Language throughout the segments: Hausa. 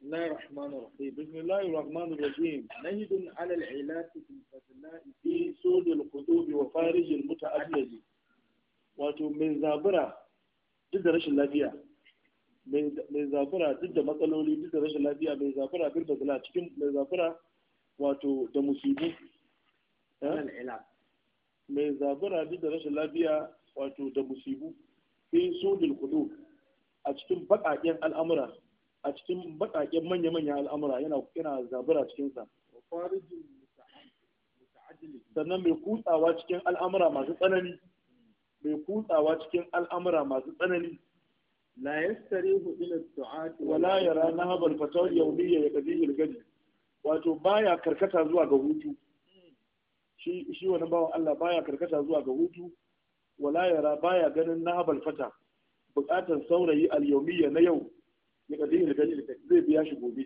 بسم rahman الرحمن الرحيم بسم الله الرحمن الرحيم نجد على العلاج في الفسلاء في سود القلوب وفارج wato mai zabura duk da rashin lafiya mai zabura duk da matsaloli duk da rashin lafiya mai zabura bil bazla cikin mai zabura wato da musibu eh? mai zabura duk da rashin lafiya wato da musibu fi sudul qulub a cikin baƙaƙen al'amura a cikin baƙaƙen manya-manyan al'amura yana yana zabura cikinsa sannan mai kutsawa cikin al'amura masu tsanani mai kutsawa cikin al'amura masu tsanani la yastarihu ila du'ati wa la yara nahabal fatawi yawmiyya ya qadihi al-gadi wato baya karkata zuwa ga hutu shi shi bawa bawan Allah baya karkata zuwa ga hutu wala yara baya ganin nahabal fata bukatar saurayi al-yawmiyya na yau ya kadi da dalil zai biya shi gobe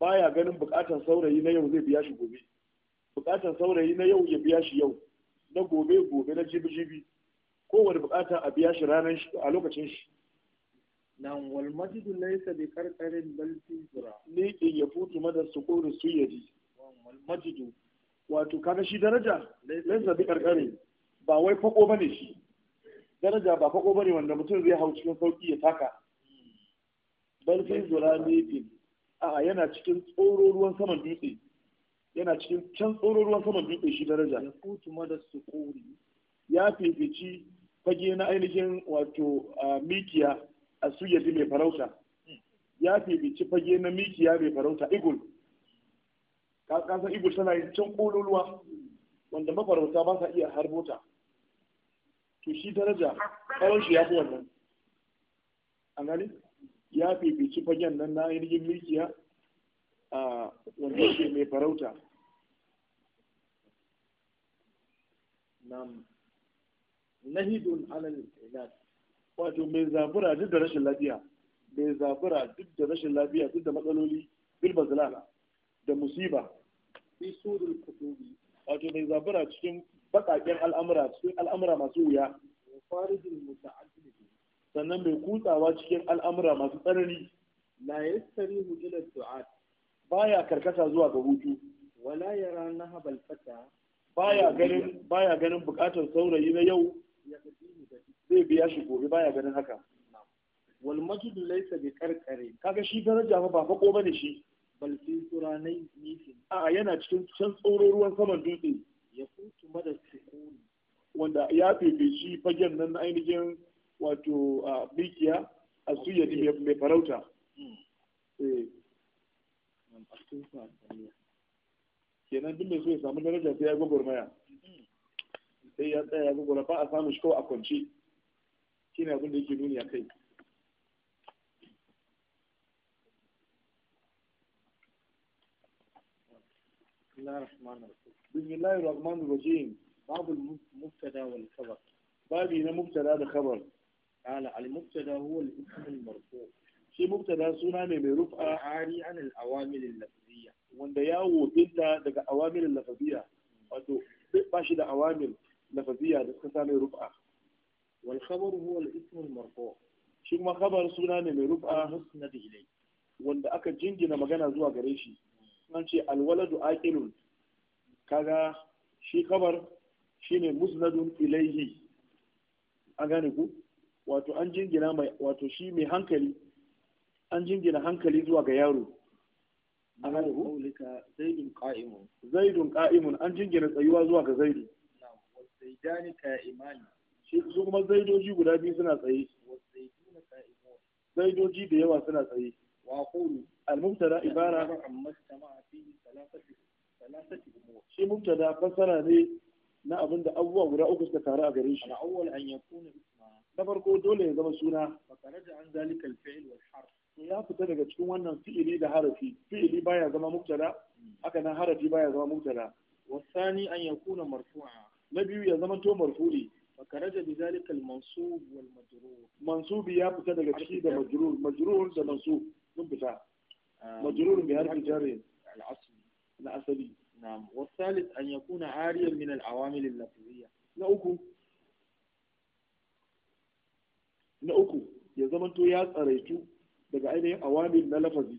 baya ganin bukatan saurayi na yau zai biya shi gobe bukatan saurayi na yau ya biya shi yau na gobe gobe na jibi jibi kowane bukata a biya shi ranar shi a lokacin shi nan wal majidu laysa bi karkarin bal fi zura ne ke ya futu madar da su yadi wal majidu wato kaga shi daraja laysa bi karkare. ba wai fako bane shi daraja ba fako bane wanda mutum zai hau cikin sauki ya taka bal fi zulamin a yana cikin tsoro ruwan saman dutse yana cikin can tsoro ruwan saman dutse shi daraja ya kutu mada ya fifici fage na ainihin wato mikiya a suyadi mai farauta ya fifici fage na mikiya mai farauta igul kasan igul tana yin can kololuwa wanda mafarauta ba sa iya harbota to shi daraja tsawon shi ya fi wannan an gani ya fifici fagen nan na ainihin mikiya a wanda ke mai farauta Na nahidun alal inat wato mai zabura duk da rashin lafiya mai zabura duk da rashin lafiya duk da matsaloli bilba bazlala da musiba fi surul kutubi wato mai zabura cikin baƙaƙen al'amura cikin al'amura masu wuya farijin muta'addid sannan mai kutsawa cikin al'amura masu tsanani la yastarihu ila du'at baya karkata zuwa ga hutu wala yara nahabal fata baya ganin ganin bukatar saurayi na yau zai biya shi gobe baya ganin haka wal majid laysa bi karkare kaga shi daraja fa ba fako bane shi bal fi suranai nifin a yana cikin can tsoro ruwan saman dutse ya kuma da sukuni wanda ya fefe shi fagen nan na ainihin wato a mikiya a suyadi mai farauta eh. kenan duk mai so ya samu daraja sai ya maya sai ya tsaya ya gwagwara ba a samun shi kawai a kwance shine abin da yake nuni a kai Bismillahir Rahmanir Rahim. babu Mubtada wal Khabar. Babi na Mubtada da Khabar. qala al mubtada huwa al ism al marfu shi mubtada suna ne mai rufa ari an al awamil al lafziyya wanda ya wofinta daga awamil al lafziyya wato ba shi da awamil lafziyya da suka same rufa wal khabar huwa al ism al marfu shi kuma khabar suna ne mai rufa da ilay wanda aka jingina magana zuwa gare shi an ce al waladu aqilun kaga shi khabar shine musnadun ilayhi an gane ku wato an jingina mai wato shi mai hankali an jingina hankali zuwa ga yaro an zaidun ka'imun zaidun an jingina tsayuwa zuwa ga zaidu zaidani qa'imani shi su kuma zaidoji guda biyu suna tsaye zaidoji da yawa suna tsaye wa qulu al-mubtada ibara shi mubtada fasara ne na abinda abubuwa guda uku suka taru a gare shi al-awwal an yakuna na farko dole ya zama suna Ba fakare da an zalika alfi'il wal harf ya fita daga cikin wannan fi'ili da harafi fi'ili baya zama mubtada haka nan harafi baya zama mubtada wasani an yakuna marfu'a na biyu ya zama to marfu'i fakare da bizalika al mansub wal majrur mansubi ya fita daga ciki da majrur majrur da mansub sun fita ah, majrur bi harfi jarri al asli na asali na'am wasalith an yakuna ariyan min al awamil al lafziyya na uku na uku ya zamanto ya tsaraitu daga ainihin awamil na lafazi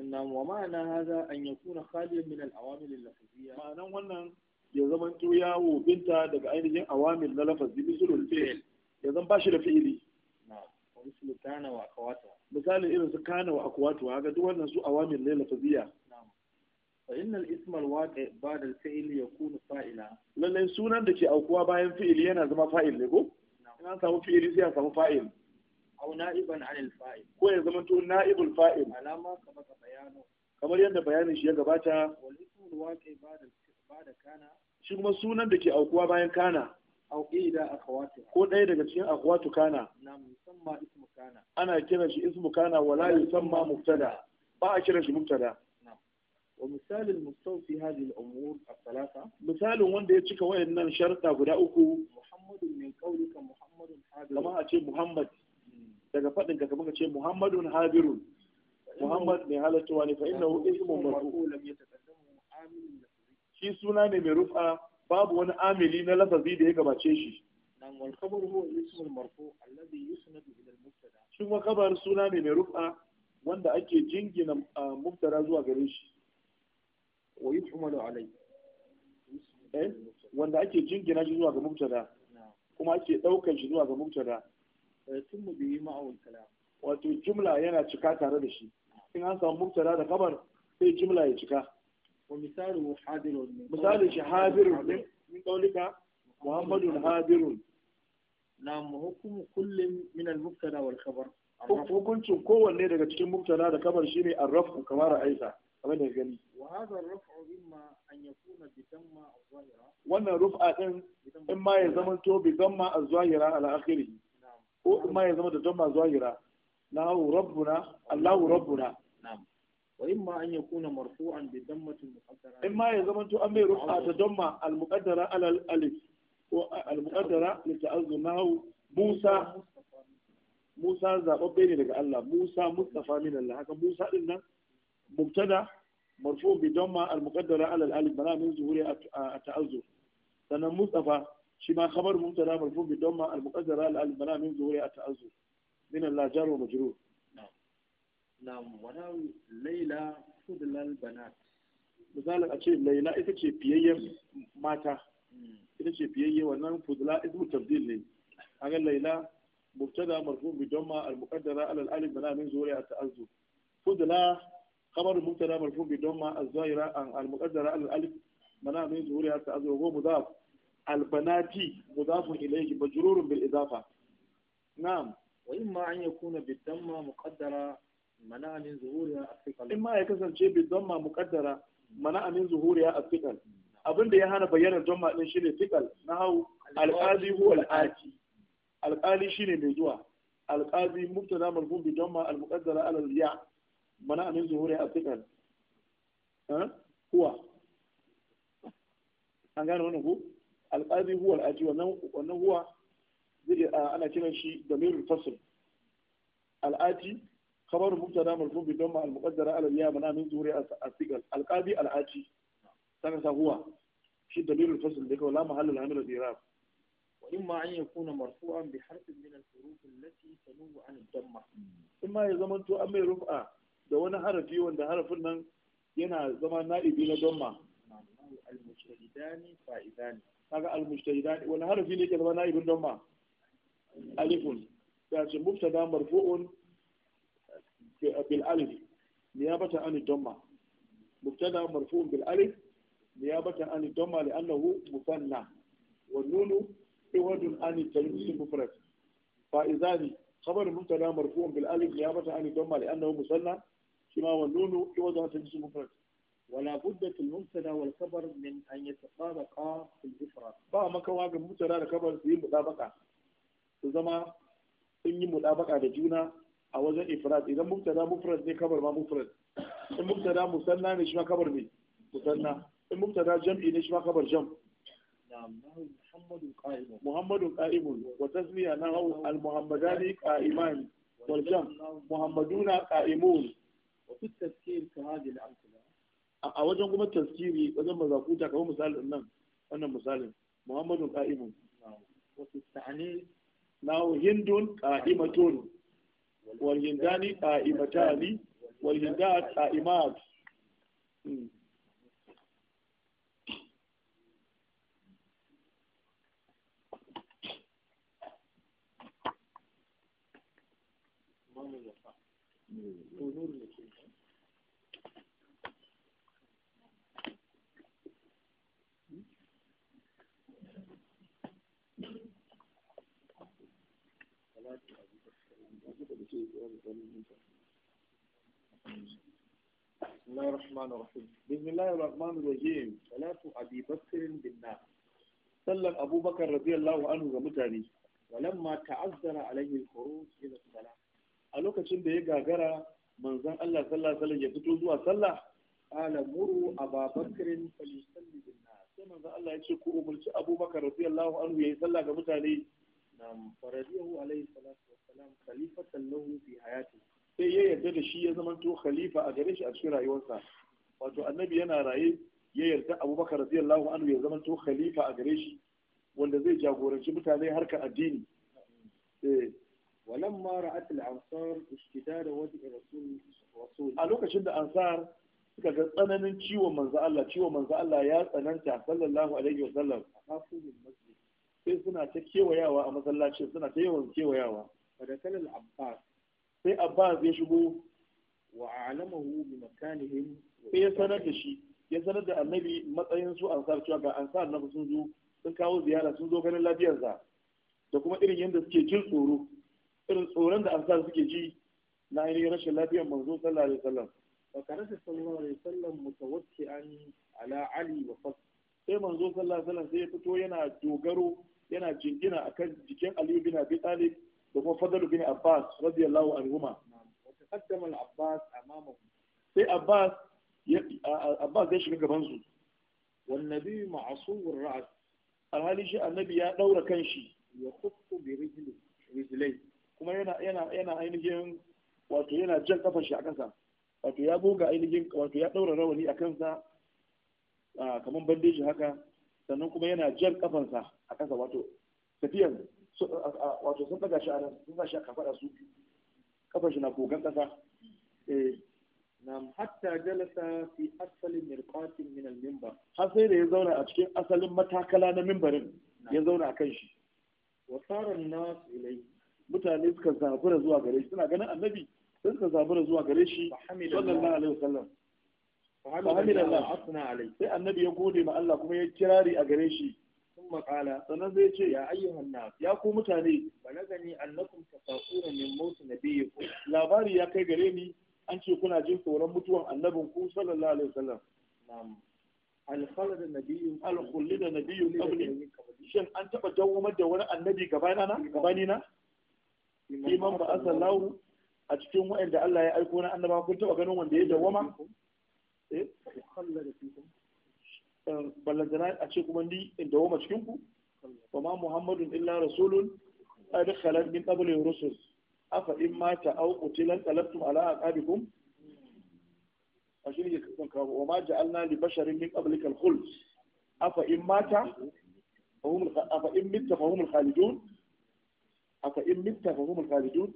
inna wa ma'ana haza an yakuna khaliyan min al-awamil al-lafziyya ma'anan wannan ya zamanto ya wobinta daga ainihin awamil na lafazi misalul fi'l ya zan bashi da fi'ili misali kana wa akwatuwa misali irin su kana wa akwatuwa haka, duk wannan su awamil ne lafaziyya fa innal isma alwaqi ba'da al-fi'l yakunu fa'ila lalle sunan da ke aukuwa bayan fi'ili yana zama fa'il ne ko in an samu fi'ili sai a samu fa'il aw na'iban anil fa'il ko ya zama to na'ibul fa'il alama kamar ka bayano. kamar yadda bayanin shi ya gabata wal ismul waqi ba'da ba'da kana shi kuma sunan da ke aukuwa bayan kana aw ida akhawati ko ɗaya daga cikin akhawatu kana na musamma ismu kana ana kiran shi ismu kana wala yusamma mubtada ba a kiran shi mubtada ومثال المستوى في هذه الأمور الثلاثة مثال وندي يتشك وإن شرطة غدا أكو محمد من قولك محمد kama a ce muhammad daga faɗin ka kamar ce muhammadun habirun muhammad mai halattuwa ne fa inna hu ismun shi suna ne mai rufa babu wani amili na lafazi da ya gabace shi nan wal huwa marfu alladhi yusnadu ila al mubtada shi wa khabar suna ne mai rufa wanda ake jingina mubtada zuwa gare shi wa yuhmalu alai eh? wanda ake jingina shi zuwa ga mubtada kuma ake ɗaukan shi zuwa ga da sun mu biyi ma'awun wato jumla yana cika tare da shi in an samu mutum da kabar sai jumla ya cika wa misalu hadirun shi hadirun ne min qaulika muhammadun hadirun na hukumu kullum min al-mubtada wal khabar hukuncin kowanne daga cikin mubtada da kabar shine arrafu kamar aisa kamar da gani wannan rufa din in ma ya zama to bi zamma a zahira ala akhiri ko in ma ya zama da zamma zahira lahu rabbuna allahu rabbuna wa in ma an yakuna marfu'an bi dammatin muqaddara in ma ya zama to an bai rufa ta damma al muqaddara ala al alif ko al muqaddara li ta'azzunahu musa musa zababbe ne daga Allah musa mustafa min Allah haka musa din nan mubtada مرفوع بدمة المقدرة على الألف بلا من ظهور التعذر سنة مصطفى شما خبر مبتدا مرفوع بدمة المقدرة على الألف بلا من ظهور التعذر من اللاجار ومجرور نعم نعم ونعم ليلى فضل البنات misalin a ce laila ita ce fiyayyen mata ita ce fiyayye wannan fudla ismu tabdil ne haka laila mubtada marfu bi ma al muqaddara alal alif bana min zuriya ta'azzu fudla خبر المبتدا مرفوع بضمه الظاهره المقدره على الالف منا من ظهورها التعذر وهو مضاف البنات مضاف اليه مجرور بالاضافه نعم واما ان يكون بالضمه مقدره منا من ظهورها الثقل اما يكسر شيء بالضمه مقدره منا من ظهورها الثقل abin da ya hana bayyanar jama'a din shine fikal na hau alqazi huwa alqazi alqali shine mai zuwa alqazi mubtada marfu bi damma almuqaddara ala ya mana amin zuhuri a cikin huwa an gane wani ku alƙazi huwa al'aji wannan huwa ana kiran shi da mirul fasil al'aji kamar mubtada marfu bi dhamma al muqaddara ala ya mana min zuhuri a cikin alƙazi al'aji saka sa huwa shi da mirul fasil da kawai وإما أن يكون مرفوعا بحرف من الحروف التي تنوب عن الضمة إما يزمن تو أمي رفعة da wani harafi wanda harafin nan yana zama na'ibi na domma al-mujtahidani fa'idani kaga al-mujtahidani wani harafi ne ke zama na'ibin domma alifun ya ce mubtada marfu'un bil alif niyabata an domma mubtada marfu'un bil alif niyabata an domma li'annahu musanna wa nunu iwadun an tanwin mufrad fa'idani خبر المبتدا مرفوع بالالف نيابه عن الضمه لانه مثنى كما والنون يوضع تنجس مفرد ولا بد في المبتدا والخبر من ان يتطابقا في الافراد با مكوا ga mubtada da khabar su yi mutabaka su zama sun yi da juna a wajen ifrad idan mubtada mufrad ne khabar ma mufrad in mubtada ne shi ma khabar ne in mubtada jam'i ne shi ma khabar jam' Muhammadu qa'imun wa tasmiya nahu al-muhammadani qa'iman wal jam muhammaduna qa'imun wajen kuma tafsiri wajen mazakuta kamar misalin nan wannan misalin Muhammadu qa'imun wa fi ta'anis nahu hindun qa'imatun Walatu Abubakar ta ce ta ji daɗe fiye da tsaunin gida ta fiye da kuma yana tafiya. Ibrahim ƙarfiya ta a lokacin da ya gagara manzon Allah sallallahu alaihi wasallam ya fito zuwa sallah ala muru ababakrin falisalli bin nas sai manzon Allah ya ce ku umurci abubakar radiyallahu anhu yi sallah ga mutane na faradiyahu alaihi salatu wassalam khalifatan lahu fi hayati sai ya yarda da shi ya zamanto khalifa a gare shi a cikin rayuwarsa wato annabi yana raye ya yarda abubakar radiyallahu anhu ya zamanto khalifa a gare shi wanda zai jagoranci mutane harkar addini eh ولما رأت الأنصار اشتداد وجه الرسول رسول a lokacin da ansar suka ga tsananin ciwon manzo Allah ciwon manzo Allah ya tsananta sallallahu alaihi wasallam hafu min masjid sai suna ta kewayawa a masallacin suna ta yawan kewayawa fadakal al-abbas sai abbas ya shigo wa a'lamahu bi makanihim sai ya sanar da shi ya sanar da annabi matsayin su ansar cewa ga ansar na sun zo sun kawo ziyara sun zo ganin lafiyarsa da kuma irin yadda suke jin tsoro irin tsoron da ansar suke ji na ainihin rashin lafiyar manzo sallallahu alaihi wasallam wa karasa sallallahu alaihi wasallam mutawakki'an ala ali wa fas sai manzo sallallahu alaihi wasallam sai ya fito yana dogaro yana jingina akan jikin ali bin abi talib da kuma fadlu bin abbas radiyallahu anhuma wa taqaddama al abbas amamahu sai abbas abbas ya shiga gaban su wan nabi ma'asur ra'as alhali shi annabi ya daura kanshi ya khuffu bi rijlihi rijlihi kuma yana ainihin wato yana jan kafar shi a ƙasa wato ya goga ainihin wato ya ɗaura rawani a kansa kamar bandeji haka sannan kuma yana jan sa a ƙasa wato tafiyan wato sun ɗaga shi a nan sun sa shi a kafaɗa su kafar shi na kogan ƙasa eh, nam hatta jalasa fi asalin mirqatin min al-minbar har sai da ya zauna a cikin asalin matakala na mimbarin ya zauna a kan shi wa sarar nas ilayhi mutane suka zafura zuwa gare shi suna ganin annabi sai suka zafura zuwa gare shi sallallahu alaihi wasallam sai annabi ya gode ma Allah kuma ya kirari a gare shi Sun makala. sannan zai ce ya ayyuhan nas ya ku mutane balagani annakum tasaquna min maut nabiyikum labari ya kai gare ni an ce kuna jin tsoron mutuwan annabin ku sallallahu alaihi wasallam na'am alkhalada na alkhulida nabiyyun qabli shin an taba jawo mada wani annabi gabanina gabanina liman ba asallahu a cikin wa'anda Allah ya aiko na annaba kun taba ganin wanda ya dawama eh? eh, ballantana a ce kuma ni in dawama cikin ku wa ma muhammadun illa rasulun min rusul mata ala kan kawo wa ma ja'alna li basharin min mata aka in mita fa humul khalidun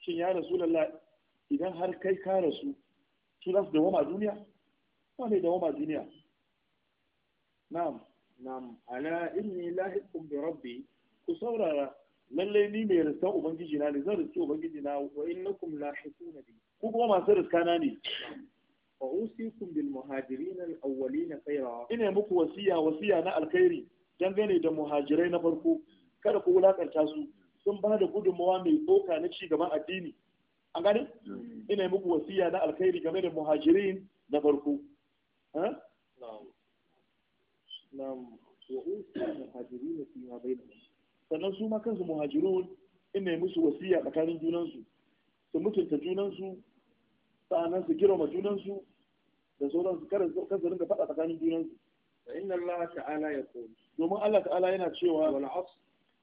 shin ya rasulullah idan har kai ka rasu su da su dawama duniya ko ne dawama duniya na'am na'am ala inni lahiqun bi rabbi ku saurara lallai ni mai rasu ubangiji na ne zan rasu ubangiji na wa innakum lahiquna bi ku kuma masu riska na ne wa usikum bil muhajirin al awwalin khaira ina muku wasiya wasiya na alkhairi dangane da muhajirai na farko kada ku wulakanta su sun ba da gudunmawa mai tsoka na ci gaban addini an gane hmm. ina yi muku wasiya na alkhairi game da muhajirin na farko sannan su ma kansu muhajirun ina yi musu wasiya tsakanin junansu su mutunta junansu sa'annan su girma junansu da sauransu kan su rinka faɗa tsakanin junansu inna Allah ta'ala ya domin Allah ta'ala yana cewa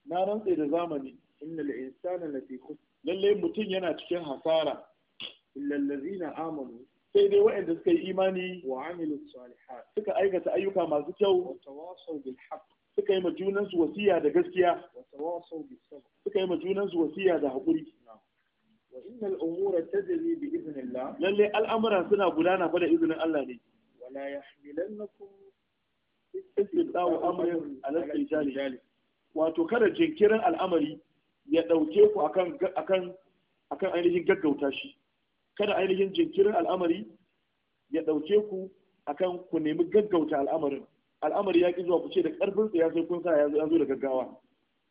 na rantse da zamani innal insana lafi khusr lalle mutum yana cikin hasara illa amanu sai dai waɗanda suka yi imani wa amilu salihat suka aikata ayyuka masu kyau wa tawasaw bil haqq suka yi ma junan su wasiya da gaskiya wa tawasaw bis sabr suka yi ma junan su wasiya da hakuri wa innal umura tajri bi idhnillah lalle al'amura suna gudana fa da izinin Allah ne wala yahmilannakum istibda'u amrin ala al-jali wato kada jinkirin al'amari ya ɗauke ku akan akan akan ainihin gaggauta shi kada ainihin jinkirin al'amari ya ɗauke ku akan ku nemi gaggauta al'amarin al'amari ya ƙi zuwa ku ce da ƙarfin ya sai kun sa ya zo da gaggawa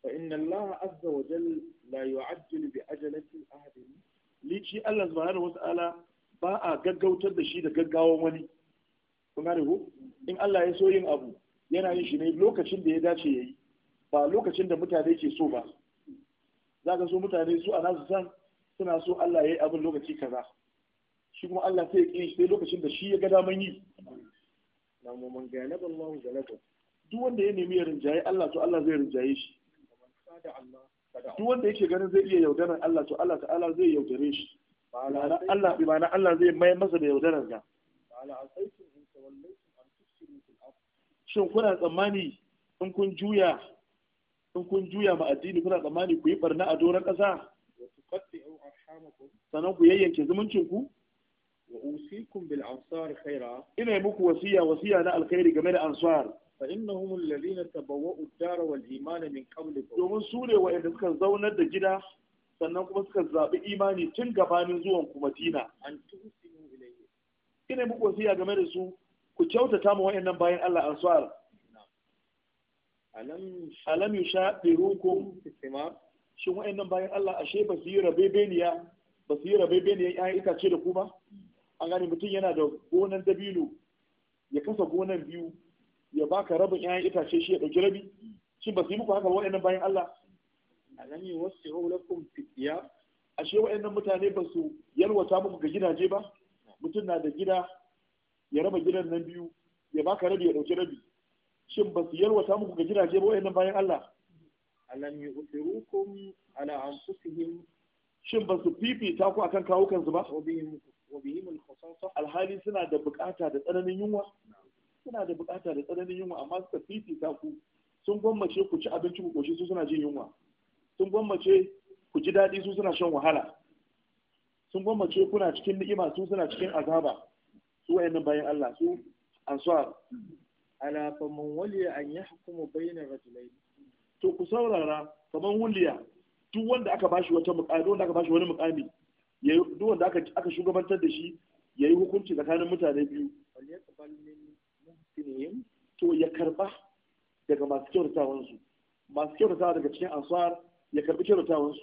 fa inna Allah azza wa jal la yu'ajjilu bi ajalati ahadin lici Allah subhanahu wa ta'ala ba a gaggautar da shi da gaggawan wani kun gane ko in Allah ya so yin abu yana yin shi ne lokacin da ya dace yayi ba lokacin da mutane ke so ba za ka so mutane su a nasu san suna so Allah ya yi abin lokaci kaza shi kuma Allah sai ya ƙi shi, sai lokacin da shi ya ga daman yi na mu man galaba Allah galaba duk wanda ya nemi ya rinjaye Allah to Allah zai rinjaye shi duk wanda yake ganin zai iya yaudaran Allah to Allah ta'ala zai yaudare shi ma'ana Allah bi ma'ana Allah zai mai masa da yaudaran ga shin kuna tsammani in kun juya in kun juya ma addini kuna tsammani ku yi barna a doron ƙasa sannan ku yayyanke zumuncin ku wa usikum bil ansar khaira ina muku wasiya wasiya na alkhairi game da ansar fa innahum alladhina tabawwa'u ad-dar wal iman min qablikum domin su ne wa'anda suka zaunar da gida sannan kuma suka zabi imani tun gabanin zuwan ku Madina an ina muku wasiya game da su ku kyautata mu wa'annan bayan Allah ansar alam yusha dirukum shin wa'annan bayan Allah ashe ba su yi rabebeniya ba su yi itace da ku ba an gane mutum yana da gonan dabino ya kasa gonan biyu ya baka rabin ƴaƴan itace shi ya ɗauki rabi shin ba su yi muku haka wa'annan bayan Allah alam yuwasi'u lakum fitiya ashe wa'annan mutane ba su yalwata muku ga gidaje ba mutum na da gida ya raba gidan nan biyu ya baka rabi ya ɗauki rabi shin ba su yalwata muku ga gidaje ba wayannan bayan Allah alam yusirukum ala anfusihim shin ba su fifita ku akan kawo kansu ba alhali suna da bukata da tsananin yunwa suna da bukata da tsananin yunwa amma suka fifita ku sun gwammace ku ci abinci ku koshi su suna jin yunwa sun gwammace ku ji daɗi su suna shan wahala sun gwammace kuna cikin ni'ima su suna cikin azaba su wayannan bayan Allah su ansuwa. ala faman waliya an yahkumu bainar rajulaini to ku saurara faman waliya duk wanda aka bashi wata duk wanda aka bashi wani mukami, duk wanda aka aka shugabantar da shi yayi hukunci tsakanin mutane biyu to ya karba daga masu kyautatawan su masu kyautatawa daga cikin ansar ya karbi kyautatawan su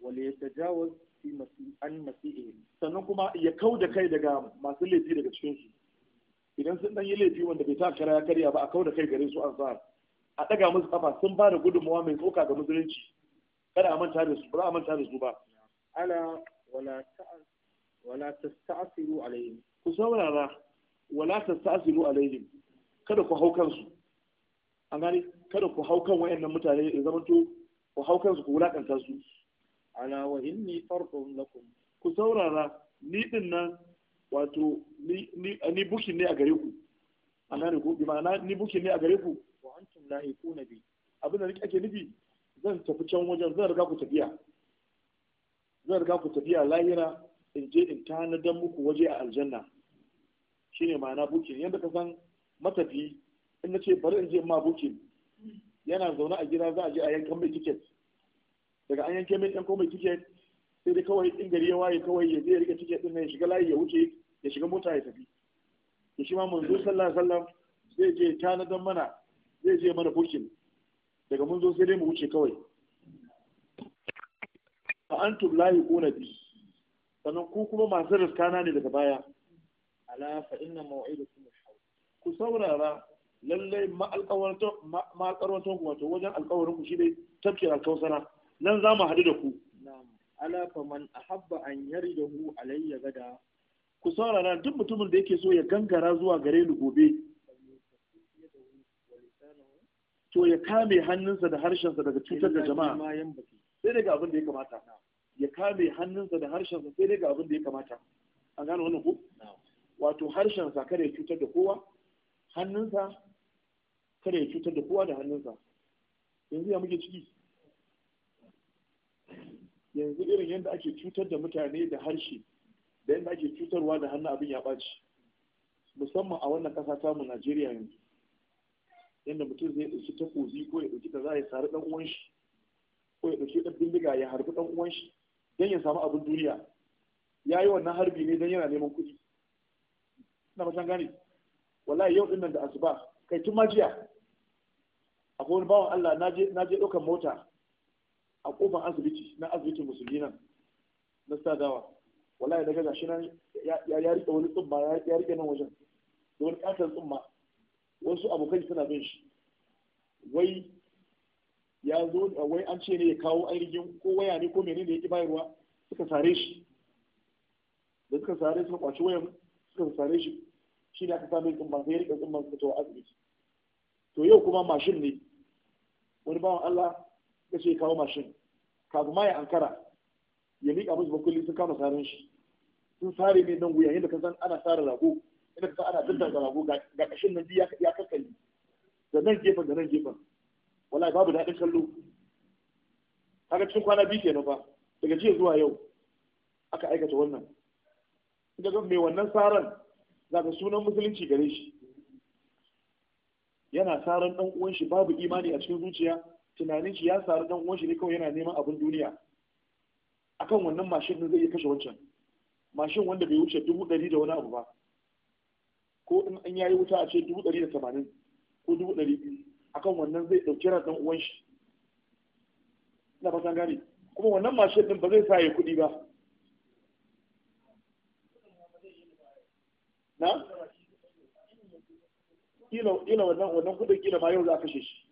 wala yatajawaz fi masi an masi'ihim sannan kuma ya kauda kai daga masu laifi daga cikin su idan sun dan yi laifi wanda bai sa kara ya karya ba a kauda kai gare su ansar a daga musu kafa sun ba da gudunmawa mai tsoka ga musulunci kada a manta da su ba a manta da su ba ala wala wala tasta'siru alaihim ku saurara wala tasta'siru alaihim kada ku haukan su an gani kada ku hau kan wayannan mutane ya zama to ku hau su ku wulakanta su ala wa inni farqun lakum ku saurara ni din nan wato ni bukin ne a gare ku a gane ku bi ma'ana ni bukin ne a gare ku wa antum lahiquna bi abin da nake ake nufi zan tafi can wajen zan riga ku tafiya zan riga ku tafiya lahira in je in tanadan muku waje a aljanna shine ma'ana bukin yadda ka san matafi in na ce bari in je ma bukin yana zaune a gida za a je a yankan mai tiket daga an yanke mai yankan mai tiket sai dai kawai in gari ya waye kawai ya je ya rike tiket din ya shiga layi ya wuce ya shiga mota ya tafi Ya shi ma manzo sallallahu alaihi wasallam zai je tanadan mana zai je mana bukin daga mun zo sai dai mu wuce kawai fa antum lahi yuquna bi sannan ku kuma masu riskana ne daga baya ala fa inna maw'idukum ku saurara lallai ma'alƙarwantar ku wato wajen alƙawarin ku shi ne tafkin alkausara nan za mu haɗu da ku ala fa man ahabba an yari da hu alayya gada ku saurara duk mutumin da yake so ya gangara zuwa gare ni gobe to ya kame hannunsa da harshensa daga cutar da jama'a sai daga abin da ya kamata ya kame hannunsa da harshensa sai daga abin da ya kamata an gano wani ku wato harshensa kada ya cutar da kowa hannunsa kada ya cutar da kowa da hannunsa yanzu ya muke ciki yanzu irin yadda ake cutar da mutane da harshe da yadda ake cutarwa da hannu abin ya ɓaci musamman a wannan ƙasa tamu najeriya yanzu yadda mutum zai ɗauki ta takobi ko ya ɗauki da za ya sari ɗan uwan shi ko ya ɗauki ɗan bindiga ya harbi ɗan uwan shi don ya samu abin duniya ya yi wannan harbi ne don yana neman kuɗi ina fatan gane wallahi yau ɗin nan da asuba kai tun majiya akwai wani bawan Allah na je ɗaukar mota a ƙofar asibiti na asibitin musulmi nan na sadawa wallahi daga gashi nan ya rike wani tsumma ya rike nan wajen da wani tsumma wasu abokai suna bin shi wai ya zo wai an ce ne ya kawo ainihin ko waya ne ko menene yake bayarwa suka sare shi da suka sare suka kwaci wayan suka sare shi shi ne aka sami tsumma sai ya rike tsumma suka tawa asibiti to yau kuma mashin ne wani bawan Allah ya ce kawo mashin kafin ma ya ankara ya miƙa musu kulli sun kama sarin shi sun sare mai nan wuya yadda ka san ana sare rago yadda ka san ana da rago ga ƙashin nan biyu ya kakkali da nan gefen da nan gefen wallahi babu daɗin kallo kaga cikin kwana biyu kenan fa daga jiya zuwa yau aka aikata wannan inda zan mai wannan saran za sunan musulunci gare shi yana saran ɗan uwan shi babu imani a cikin zuciya tunanin shi ya saran ɗan uwan shi ne kawai yana neman abin duniya akan wannan mashin din zai iya kashe wancan mashin wanda bai wuce dubu ɗari da wani abu ba ko in an yayi wuta a ce dubu ɗari da tamanin ko dubu ɗari biyu akan wannan zai ɗauki ran uwan shi na fata gane kuma wannan mashin din ba zai sa ya kuɗi ba na ila wannan wannan kuɗin kila ma yau za a kashe shi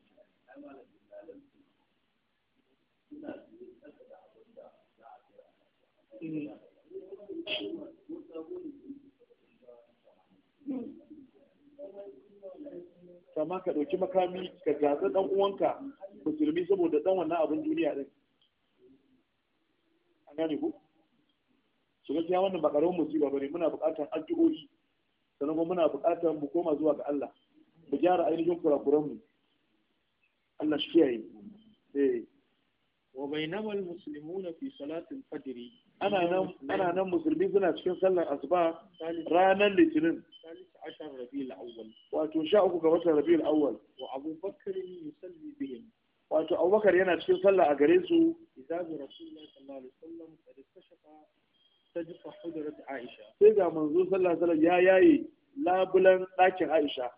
kama ka ɗauki makami ka gaza ɗan uwanka musulmi saboda ɗan wannan abin duniya ɗin an gane ku su gaskiya wannan ba ƙaramin ba bane muna buƙatar addu'o'i sannan kuma muna buƙatar mu koma zuwa ga Allah mu gyara ainihin kurakuranmu Allah shi kiyaye eh wa bainama al-muslimuna fi salatin fajr ana nan musulmi suna cikin sallar asuba ranar litinin wato sha uku ga watan rabiul awwal wa abubakar yusalli bihim wato abubakar yana cikin sallah a gare su idza bi rasulullahi sallallahu alaihi wasallam qad ta tajfa hudrat aisha sai ga manzo sallallahu alaihi ya yaye labulan ɗakin aisha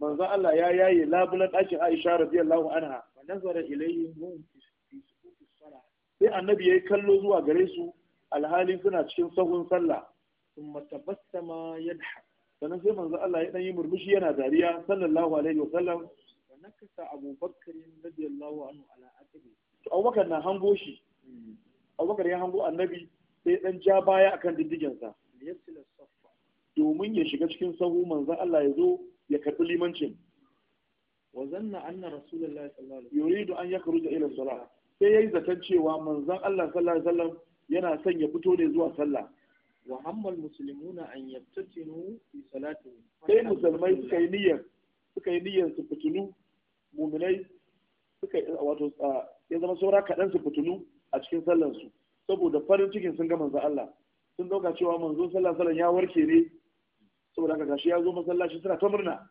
manzo Allah ya yaye labulan ɗakin aisha radiyallahu anha wa nazara ilayhim hum fi sufufi salah sai annabi yayi kallo zuwa gare su alhali suna cikin sahun sallah thumma tabassama yadhhak sannan sai manzo Allah ya dan yi murmushi yana dariya sallallahu alaihi wa sallam wa nakasa Abu Bakr radiyallahu anhu ala aqibi to Abubakar na hango shi Abubakar ya hango annabi sai dan ja baya akan diddigen sa domin ya shiga cikin sahu manzo Allah ya zo ya karbi limancin wa zanna anna rasulullahi sallallahu alaihi wa sallam yuridu an yakhruja ila salat sai yayi zaton cewa manzon Allah sallallahu alaihi wa sallam yana son ya fito ne zuwa sallah wa hammal muslimuna an yaftatinu fi salati sai musulmai suka yi niyyar suka yi niyyar su fitinu muminai suka wato ya zama saura kaɗan su fitinu a cikin sallar su saboda farin cikin sun ga manzo Allah sun dauka cewa manzo sallallahu alaihi ya warke ne saboda haka gashi ya zo masallaci suna ta murna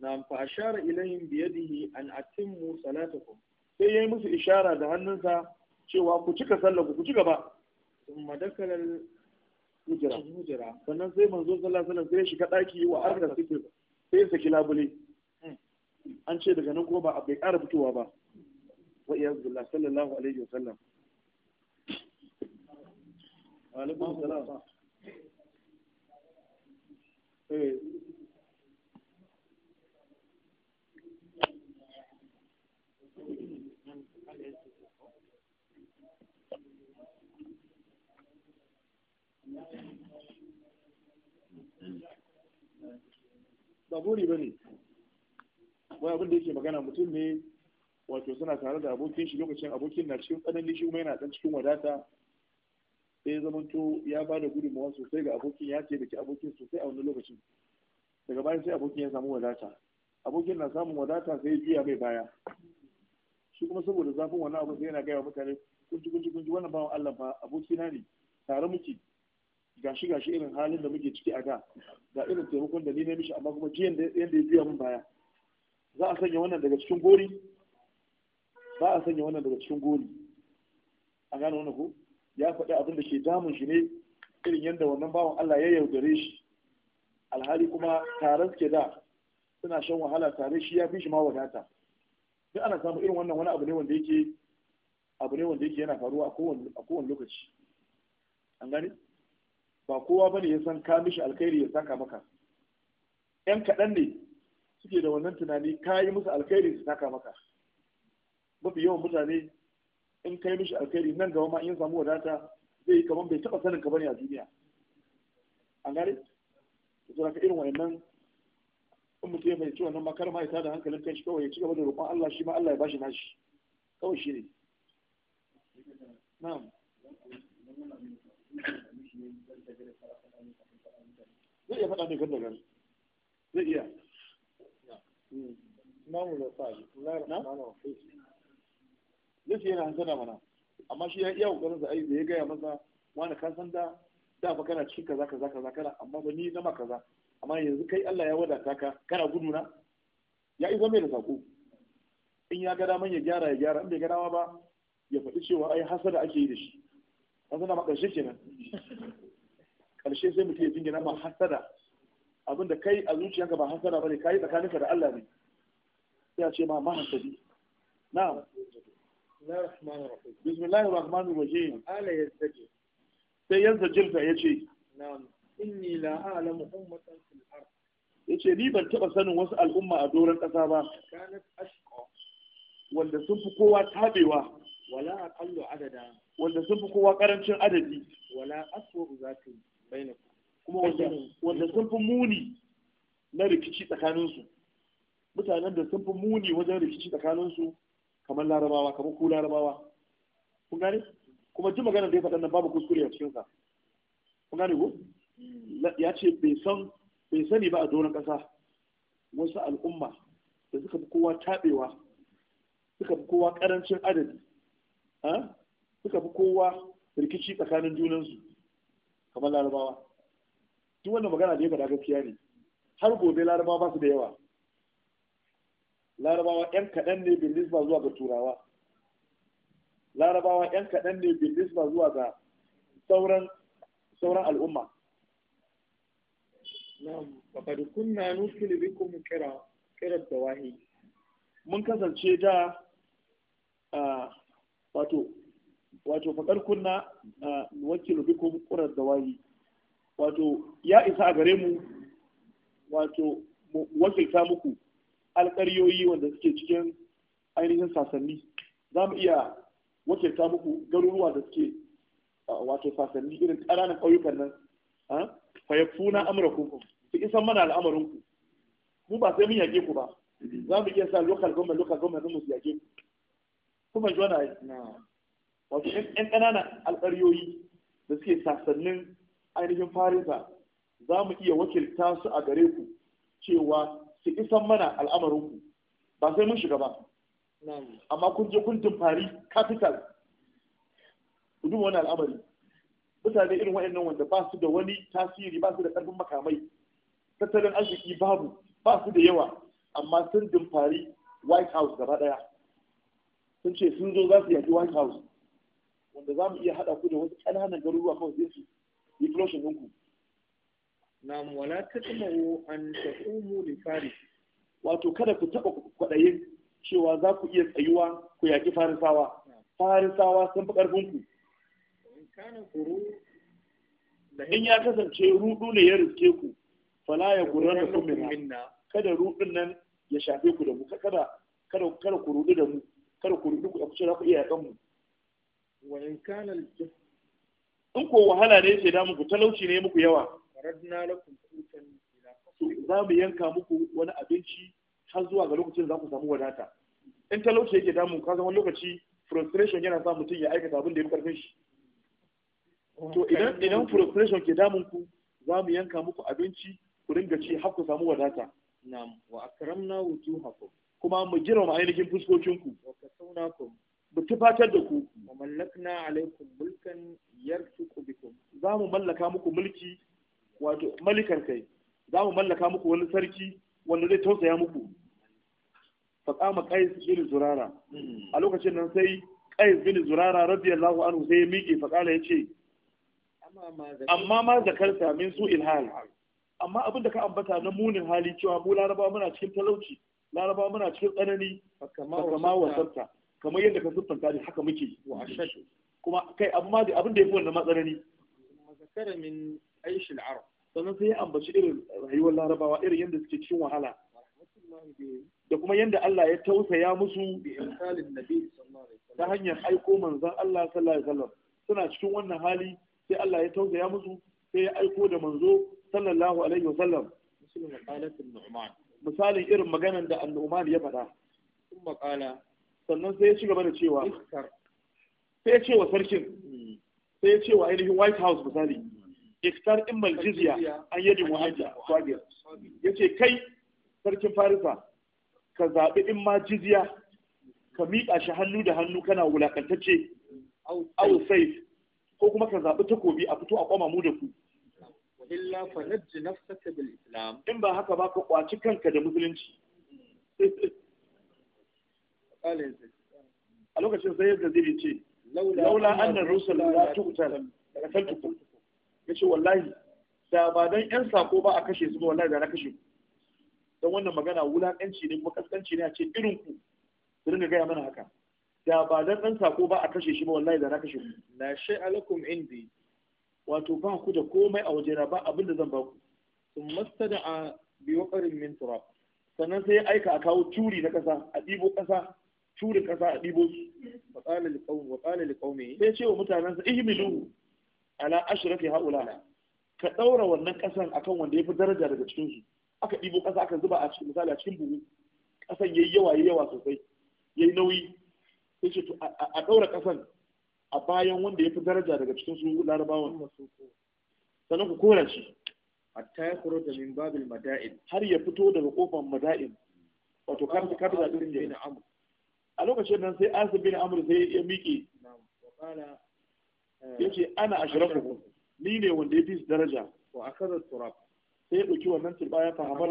na fa ashara ilayhim bi yadihi an atimmu salatakum sai yayi musu ishara da hannunsa cewa ku cika sallar ku ku ci gaba thumma dakala hujra hujra sannan sai manzo sallallahu sai wasallam sai shiga daki wa arda sifir sai saki labule an ce daga nan kuma ba bai ƙara fitowa ba wa iyaz billah sallallahu alaihi wa sallam. ba buri ba ne wani abin da yake magana mutum ne wato suna tare da abokin shi lokacin abokin na cikin tsanani shi kuma yana dan cikin wadata sai zamanto ya ba da gudunmawa sosai ga abokin ya ce da ke abokin sosai a wani lokacin daga bayan sai abokin ya samu wadata abokin na samun wadata sai juya mai baya shi kuma saboda zafin wani abu sai yana gaya mutane kunci kunci kunci wannan bawan Allah fa abokina ne tare muke gashi gashi irin halin da muke ciki a da ga irin taimakon da ni na mishi amma kuma jiyan da yadda ya biya min baya za a sanya wannan daga cikin gori ba a sanya wannan daga cikin gori a gane wannan ko ya faɗi abin da ke damun shi ne irin yadda wannan bawan Allah ya yaudare shi alhali kuma taron suke da suna shan wahala tare shi ya fi shi ma wadata duk ana samun irin wannan wani abu ne wanda yake abu ne wanda yake yana faruwa a kowane lokaci an gane ba kowa bane ya san ka mishi alkhairi ya saka maka yan kaɗan ne suke da wannan tunani ka yi musu alkhairi su saka maka mafi yawan mutane in kai mishi alkhairi nan gaba ma in samu wadata zai yi kamar bai taɓa sanin ka bane a duniya an gane su ka irin wa'annan in mutum ya fahimci wannan makar ma ya tada hankalin kan shi kawai ya ci gaba da roƙon Allah shi ma Allah ya bashi nashi kawai shi ne na'am zai iya faɗa ne kan daga zai iya namu da sa zai ce yana hansana mana amma shi ya iya kokarin sa aiki da ya gaya masa wani ka san da da fa kana cikin kaza kaza kaza kana amma ba ni na kaza amma yanzu kai Allah ya wadata ka kana gudu na ya isa mai da sako in ya ga daman ya gyara ya gyara in bai ga dama ba ya faɗi cewa ai hasada ake yi da shi hasada ma ƙarshe kenan karshe sai mutum ya jingina ma hasada abinda kai a zuciyanka ba hasada bane kai tsakaninka da Allah ne sai a ce ma ma na na'am bismillahir rahmanir rahim ala yastaji sai yanzu jilta ya ce inni la a'lamu ummatan fil ard yace ni ban taba sanin wasu al'umma a doron kasa ba kanat ashqa wanda sun fi kowa tabewa wala aqallu adada wanda sun fi kowa karancin adadi wala aswa zati kuma wanda sun fi muni na rikici tsakaninsu mutanen da sun fi muni wajen rikici tsakaninsu kamar larabawa kamar ku larabawa kun gane kuma ji magana da ya faɗa nan babu kuskure a cikinsa kun gane ko ya ce bai san bai sani ba a doron ƙasa wasu al'umma da suka fi kowa taɓewa suka fi kowa ƙarancin adadi ah, suka fi kowa rikici tsakanin junansu kamar larabawa duk wannan magana da ya faɗa gaskiya ne har gobe larabawa ba su da yawa larabawa yan kaɗan ne bin nisba zuwa ga turawa larabawa yan kaɗan ne bin nisba zuwa ga sauran sauran al'umma na'am faqad kunna nusilu bikum kira qira dawahi mun kasance da ah, wato wato Faɗar kunna wakilu bikum ƙurar da wayi wato ya isa a gare mu wato wakilta muku alƙaryoyi wanda suke cikin ainihin sasanni za mu iya wakilta muku garuruwa da suke wato sasanni irin ƙananan ƙauyukan nan ya fayafuna ku su isan mana ku mu ba sai mun yage ku ba za mu iya sa lokal government lokal government mu su yage ku kuma jona wato 'yan ƙananan alƙaryoyi da suke sasannin ainihin farisa za mu iya wakilta su a gare ku cewa su isan mana al'amarinku ba sai mun shiga ba amma kun je kun tumfari capital ku duba wani al'amari mutane irin waɗannan wanda ba su da wani tasiri ba su da ƙarfin makamai tattalin arziki babu ba su da yawa amma sun dimfari white house gaba ɗaya sun ce sun zo za su yaki white house wanda za mu iya haɗa ku da wasu ƙananan garuruwa kawai sai su yi flushin ɗinku. Na wala ta wo an umu da fari. Wato kada ku taɓa kwaɗayin cewa za ku iya tsayuwa ku yaƙi farisawa. Farisawa sun fi ƙarfinku. In ya kasance ruɗu ne ya riske ku, fala ya gurar da ku minna. Kada ruɗun nan ya shafe ku da mu, kada ku ruɗu da mu, kada ku ruɗu ku ce za ku iya yaƙan mu. in kana in ko wahala ne ce da muku talauci ne muku yawa faradna lakum qutan ila za mu yanka muku wani abinci har zuwa ga lokacin za ku samu wadata in talauci yake damu ka wani lokaci frustration yana sa mutum ya aikata abin da ya karfin shi to idan idan frustration ke damun ku za mu yanka muku abinci ku dinga ci har ku samu wadata na'am wa akramna wujuhakum kuma mu girma ainihin fuskokin ku wa kasawnakum mu tufatar da ku mamallakna alaikum mulkan yarsuku bikum za mu mallaka muku mulki wato malikan kai za mu mallaka muku wani sarki wanda zai tausaya muku kama qais bin zurara a lokacin nan sai qais bin zurara radiyallahu anhu sai ya miƙe fa ya ce amma ma zakarta min su ilhal amma abin da ka ambata na munin hali cewa mu larabawa muna cikin talauci larabawa muna cikin tsanani kama wasarta kamar yadda ka siffanta ne haka muke wa ashad kuma kai amma ma abin da ya yafi wannan matsalani zakara min aish al-arab sannan sai ya ambaci irin rayuwar larabawa irin yadda suke cikin wahala da kuma yadda Allah ya tausaya musu ta hanyar aiko manzan Allah sallallahu alaihi wasallam suna cikin wannan hali sai Allah ya tausaya musu sai ya aiko da manzo sallallahu alaihi wasallam misalin irin maganan da annuman ya faɗa sannan sai ya ci gaba da cewa sai ya ce wa sarkin sai ya ce wa ainihin white house misali iftar in maljiziya an yi yadi muhajja swagir ya ce kai sarkin farisa ka zaɓi in ma ka miƙa shi hannu da hannu kana wulaƙantacce au saif ko kuma ka zaɓi takobi a fito a kwama mu da ku in ba haka ba ka kwaci kanka da musulunci a lokacin sai yadda zai ce laula annar rusul la tuqtal la Ya yace wallahi da ba dan yan sako ba a kashe su ba wallahi da na kashe ku dan wannan magana wulakanci ne makaskanci ne a ce irin ku su dinga gaya mana haka da ba dan dan sako ba a kashe shi ba wallahi da na kashe ku la shay alakum indi wato ba ku da komai a wajena ba abin da zan ba ku sun mastada a biwakarin min turab sannan sai ya aika a kawo turi na kasa a ɗibo kasa tura kasa a ɗibo su wa qala liqawmi wa sai ce wa mutanansa ihmilu ala ashrafi haula ka ɗaura wannan kasan akan wanda ya fi daraja daga cikin su aka ɗibo kasa aka zuba a cikin misali a cikin buhu kasan yayi yawa yayi yawa sosai yayi nauyi sai ce a ɗaura kasan a bayan wanda ya fi daraja daga cikin su larabawan sannan ku kora shi hatta ya kuro da min babil mada'in har ya fito daga kofar mada'in wato kafin kafin da irin da ina amu a lokacin nan sai asir bin amur sai ya miƙe eh, ya ce ana ashirafu ni ne wanda ya fi su daraja sai ya ɗauki wannan turba ya fahamar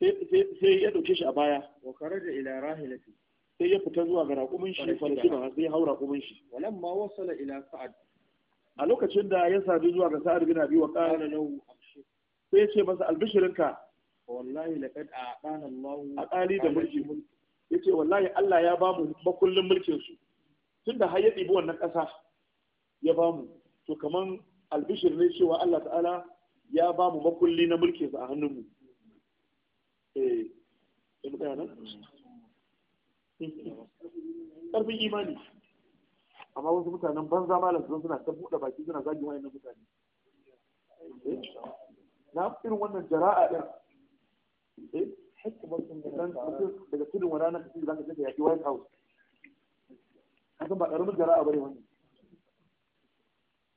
sai ya ɗauke shi a baya sai ya fita zuwa ga raƙumin shi falasina sai ya hau raƙumin shi ila sa'ad a lokacin da ya sadu zuwa ga sa'ad bin abi waqas sai ya ce masa albishirinka a laqad a'ana Allah da mulki Yace wallahi Allah ya ba mu makullin su, tun da har ya ɗibi wannan ƙasa ya ba mu to kaman albishir ne cewa Allah ta'ala ya ba mu makulli na su a hannunmu eh ƙarfin imani amma wasu mutanen banza ma lantarki suna ta buɗe baki suna zagi wayannan mutane eh, na irin wannan jara'a ɗin eh, daga tudun wani ranar kasiri white house ba jara'a bane wannan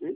eh?